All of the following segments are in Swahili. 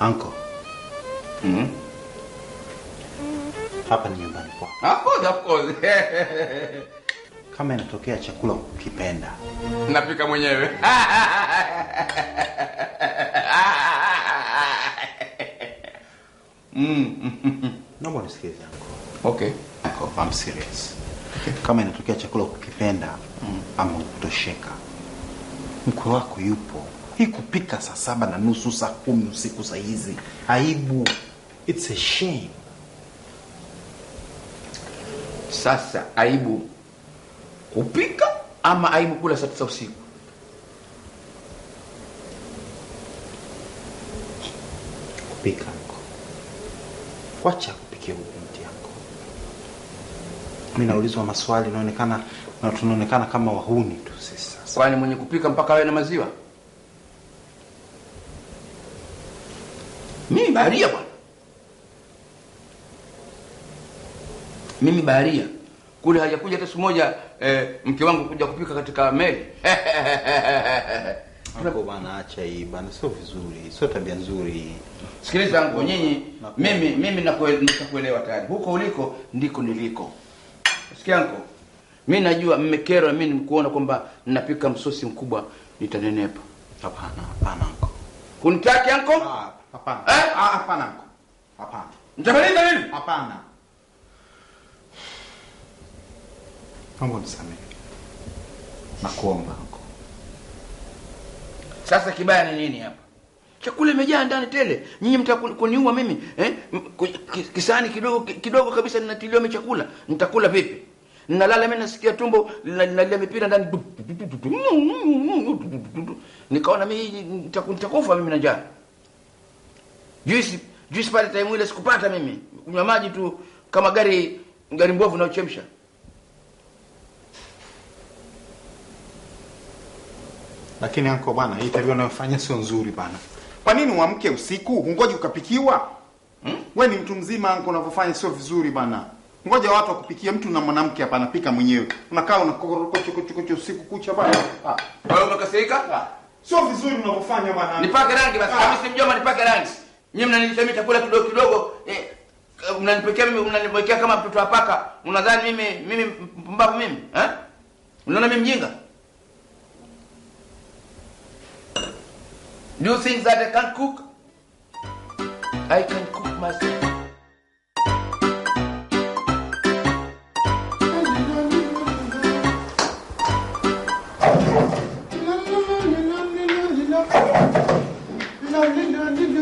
Anko. Mm -hmm. Hapa ni nyumbani kwako. Hapo of course. Kama inatokea chakula ukipenda. Napika mwenyewe. Mm. Naomba nisikilize Anko. Okay. Anko, I'm serious. Kama inatokea chakula ukipenda mm. ama ukutosheka. Mkwe wako yupo hii kupika saa saba na nusu saa kumi usiku saa hizi aibu, it's a shame. Sasa aibu kupika ama aibu kula saa tisa usiku? Kupika nko, wacha kupikia huyu yako. mi naulizwa maswali, naonekana na tunaonekana kama wahuni tu sisa kwani mwenye kupika mpaka awe na maziwa? mimi baharia bwana, mimi baharia kule hajakuja hata siku moja eh, mke wangu kuja kupika katika meli hapo bwana, acha hii bwana, sio vizuri, sio tabia nzuri. Sikiliza wangu nyinyi, mimi mimi nakuelewa tayari, huko uliko ndiko niliko. Sikia anko, mimi najua mmekerwa, mimi nimkuona kwamba ninapika msosi mkubwa, nitanenepa. Hapana, hapana anko, kunitaki anko? Hapana. Hapana. Eh? Ah, Hapana. Hapana. Mtamelinda nini? Hapana. Naomba unisamehe. Nakuomba huko. Sasa kibaya ni nini hapa? Chakula imejaa ndani tele. Nyinyi mtakuniua mimi eh? Kisani kidogo kidogo kabisa ninatiliwa mimi chakula. Nitakula vipi? Ninalala mimi nasikia tumbo linalia mipira ndani. Nikaona mimi nitakufa mimi na njaa juisi juisi pale time ile sikupata mimi. Kunywa maji tu kama gari gari mbovu naochemsha. Lakini anko bwana, hii tabia unayofanya sio nzuri bwana. Kwa nini uamke usiku? Ungoje ukapikiwa? Hmm? Wewe ni mtu mzima anko, unavyofanya sio vizuri bwana. Ngoja watu wakupikia mtu na mwanamke hapa anapika mwenyewe. Unakaa unakoroka chuku chuku usiku kucha bwana. Ah. Wewe Ah. Sio vizuri unavyofanya bwana. Nipake rangi basi. Ah. Mimi mjoma nipake rangi. Nyinyi mnanisamia chakula kidogo kidogo eh, mnanipekea mimi mnaniwekea kama mtoto apaka Unadhani mimi mimi mpumbavu mimi? Eh? Unaona mimi mjinga? Do you think that I can cook? I can cook myself. Thank you.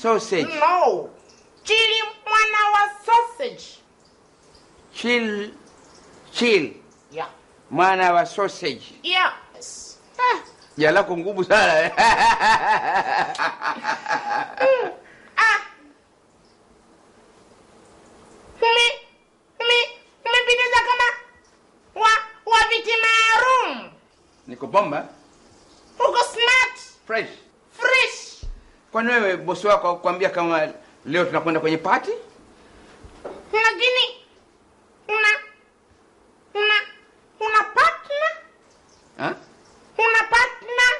sausage. No. Chili mwana wa sausage. Chil chil. Yeah. Mwana wa sausage. Yes. Ah, ya lako ngumu sana. mm. Ah. Humi humi umepitiza kama wa wa viti maalum. Niko bomba. Uko smart. Fresh. Kwani wewe bosi wako akukwambia kama leo tunakwenda kwenye pati? Lakini una una una partner? Ha? Una partner?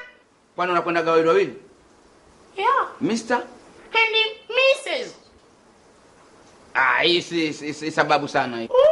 Kwani unakwenda gawili wawili? Yeah. Mr. and Mrs. Ah, hii si sababu sana hii.